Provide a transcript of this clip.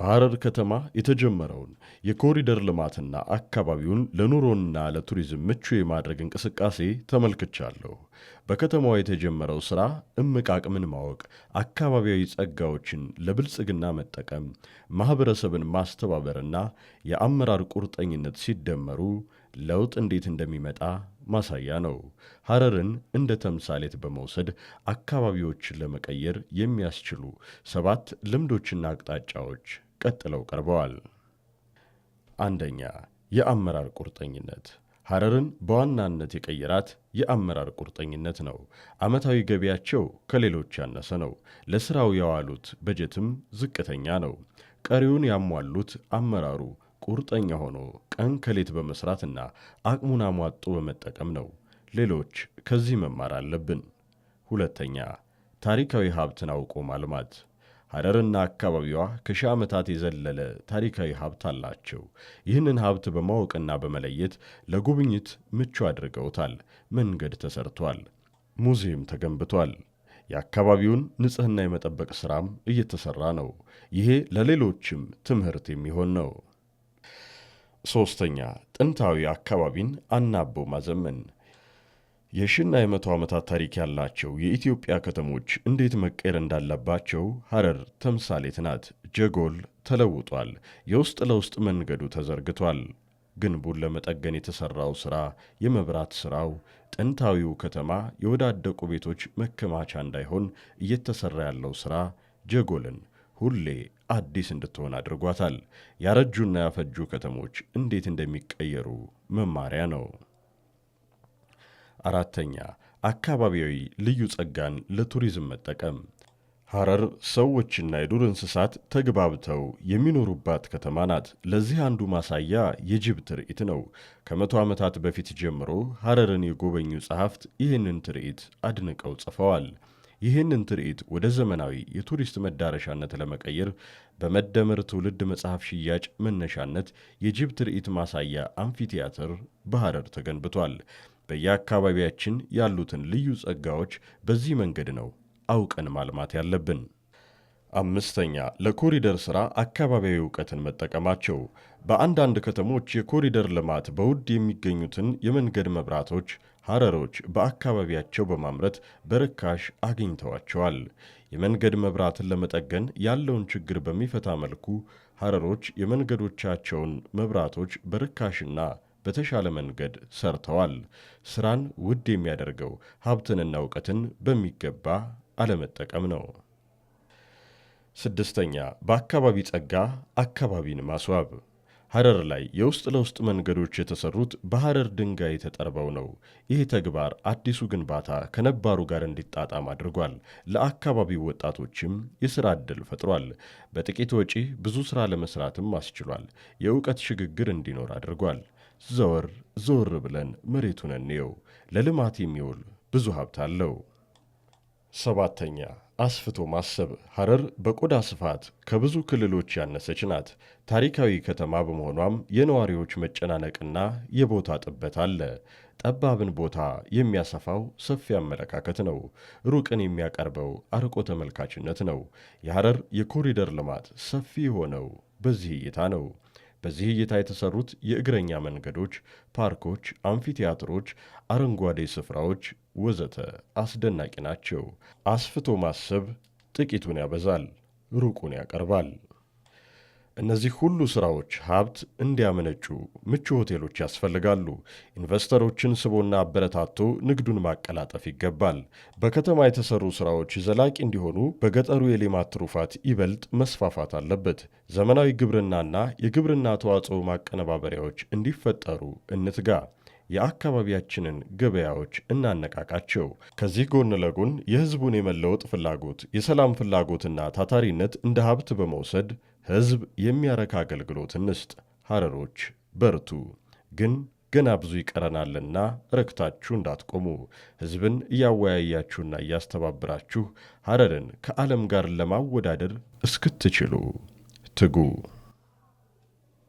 በሐረር ከተማ የተጀመረውን የኮሪደር ልማትና አካባቢውን ለኑሮና ለቱሪዝም ምቹ የማድረግ እንቅስቃሴ ተመልክቻለሁ። በከተማዋ የተጀመረው ሥራ እምቅ አቅምን ማወቅ፣ አካባቢያዊ ጸጋዎችን ለብልጽግና መጠቀም፣ ማኅበረሰብን ማስተባበርና የአመራር ቁርጠኝነት ሲደመሩ ለውጥ እንዴት እንደሚመጣ ማሳያ ነው። ሐረርን እንደ ተምሳሌት በመውሰድ አካባቢዎችን ለመቀየር የሚያስችሉ ሰባት ልምዶችና አቅጣጫዎች ቀጥለው ቀርበዋል። አንደኛ፣ የአመራር ቁርጠኝነት ሐረርን በዋናነት የቀየራት የአመራር ቁርጠኝነት ነው። ዓመታዊ ገቢያቸው ከሌሎች ያነሰ ነው። ለሥራው የዋሉት በጀትም ዝቅተኛ ነው። ቀሪውን ያሟሉት አመራሩ ቁርጠኛ ሆኖ ቀን ከሌት በመሥራትና አቅሙን አሟጦ በመጠቀም ነው። ሌሎች ከዚህ መማር አለብን። ሁለተኛ ታሪካዊ ሀብትን አውቆ ማልማት ሐረርና አካባቢዋ ከሺህ ዓመታት የዘለለ ታሪካዊ ሀብት አላቸው። ይህንን ሀብት በማወቅና በመለየት ለጉብኝት ምቹ አድርገውታል። መንገድ ተሰርቷል፣ ሙዚየም ተገንብቷል። የአካባቢውን ንጽህና የመጠበቅ ሥራም እየተሠራ ነው። ይሄ ለሌሎችም ትምህርት የሚሆን ነው። ሦስተኛ ጥንታዊ አካባቢን አናቦ ማዘመን የሺና የመቶ ዓመታት ታሪክ ያላቸው የኢትዮጵያ ከተሞች እንዴት መቀየር እንዳለባቸው ሐረር ተምሳሌት ናት። ጀጎል ተለውጧል። የውስጥ ለውስጥ መንገዱ ተዘርግቷል። ግንቡን ለመጠገን የተሠራው ሥራ፣ የመብራት ሥራው፣ ጥንታዊው ከተማ የወዳደቁ ቤቶች መከማቻ እንዳይሆን እየተሠራ ያለው ሥራ ጀጎልን ሁሌ አዲስ እንድትሆን አድርጓታል። ያረጁና ያፈጁ ከተሞች እንዴት እንደሚቀየሩ መማሪያ ነው። አራተኛ አካባቢያዊ ልዩ ጸጋን ለቱሪዝም መጠቀም። ሐረር ሰዎችና የዱር እንስሳት ተግባብተው የሚኖሩባት ከተማ ናት። ለዚህ አንዱ ማሳያ የጅብ ትርኢት ነው። ከመቶ ዓመታት በፊት ጀምሮ ሐረርን የጎበኙ ጸሐፍት ይህንን ትርኢት አድንቀው ጽፈዋል። ይህንን ትርኢት ወደ ዘመናዊ የቱሪስት መዳረሻነት ለመቀየር በመደመር ትውልድ መጽሐፍ ሽያጭ መነሻነት የጅብ ትርኢት ማሳያ አምፊቲያትር በሐረር ተገንብቷል። በየአካባቢያችን ያሉትን ልዩ ጸጋዎች በዚህ መንገድ ነው አውቀን ማልማት ያለብን። አምስተኛ ለኮሪደር ሥራ አካባቢያዊ እውቀትን መጠቀማቸው። በአንዳንድ ከተሞች የኮሪደር ልማት በውድ የሚገኙትን የመንገድ መብራቶች ሀረሮች በአካባቢያቸው በማምረት በርካሽ አግኝተዋቸዋል። የመንገድ መብራትን ለመጠገን ያለውን ችግር በሚፈታ መልኩ ሀረሮች የመንገዶቻቸውን መብራቶች በርካሽና በተሻለ መንገድ ሰርተዋል። ስራን ውድ የሚያደርገው ሀብትንና እውቀትን በሚገባ አለመጠቀም ነው። ስድስተኛ በአካባቢ ጸጋ አካባቢን ማስዋብ። ሐረር ላይ የውስጥ ለውስጥ መንገዶች የተሰሩት በሐረር ድንጋይ ተጠርበው ነው። ይህ ተግባር አዲሱ ግንባታ ከነባሩ ጋር እንዲጣጣም አድርጓል። ለአካባቢው ወጣቶችም የሥራ ዕድል ፈጥሯል። በጥቂት ወጪ ብዙ ሥራ ለመሥራትም አስችሏል። የእውቀት ሽግግር እንዲኖር አድርጓል። ዘወር ዘወር ብለን መሬቱን እንየው። ለልማት የሚውል ብዙ ሀብት አለው። ሰባተኛ አስፍቶ ማሰብ። ሐረር በቆዳ ስፋት ከብዙ ክልሎች ያነሰች ናት። ታሪካዊ ከተማ በመሆኗም የነዋሪዎች መጨናነቅና የቦታ ጥበት አለ። ጠባብን ቦታ የሚያሰፋው ሰፊ አመለካከት ነው። ሩቅን የሚያቀርበው አርቆ ተመልካችነት ነው። የሐረር የኮሪደር ልማት ሰፊ የሆነው በዚህ እይታ ነው። በዚህ እይታ የተሰሩት የእግረኛ መንገዶች፣ ፓርኮች፣ አምፊቲያትሮች፣ አረንጓዴ ስፍራዎች ወዘተ አስደናቂ ናቸው። አስፍቶ ማሰብ ጥቂቱን ያበዛል፣ ሩቁን ያቀርባል። እነዚህ ሁሉ ስራዎች ሀብት እንዲያመነጩ ምቹ ሆቴሎች ያስፈልጋሉ። ኢንቨስተሮችን ስቦና አበረታቶ ንግዱን ማቀላጠፍ ይገባል። በከተማ የተሰሩ ስራዎች ዘላቂ እንዲሆኑ በገጠሩ የሌማት ትሩፋት ይበልጥ መስፋፋት አለበት። ዘመናዊ ግብርናና የግብርና ተዋጽኦ ማቀነባበሪያዎች እንዲፈጠሩ እንትጋ። የአካባቢያችንን ገበያዎች እናነቃቃቸው። ከዚህ ጎን ለጎን የህዝቡን የመለወጥ ፍላጎት፣ የሰላም ፍላጎትና ታታሪነት እንደ ሀብት በመውሰድ ሕዝብ የሚያረካ አገልግሎት እንስጥ። ሐረሮች በርቱ፣ ግን ገና ብዙ ይቀረናልና ረክታችሁ እንዳትቆሙ ሕዝብን እያወያያችሁና እያስተባበራችሁ ሐረርን ከዓለም ጋር ለማወዳደር እስክትችሉ ትጉ።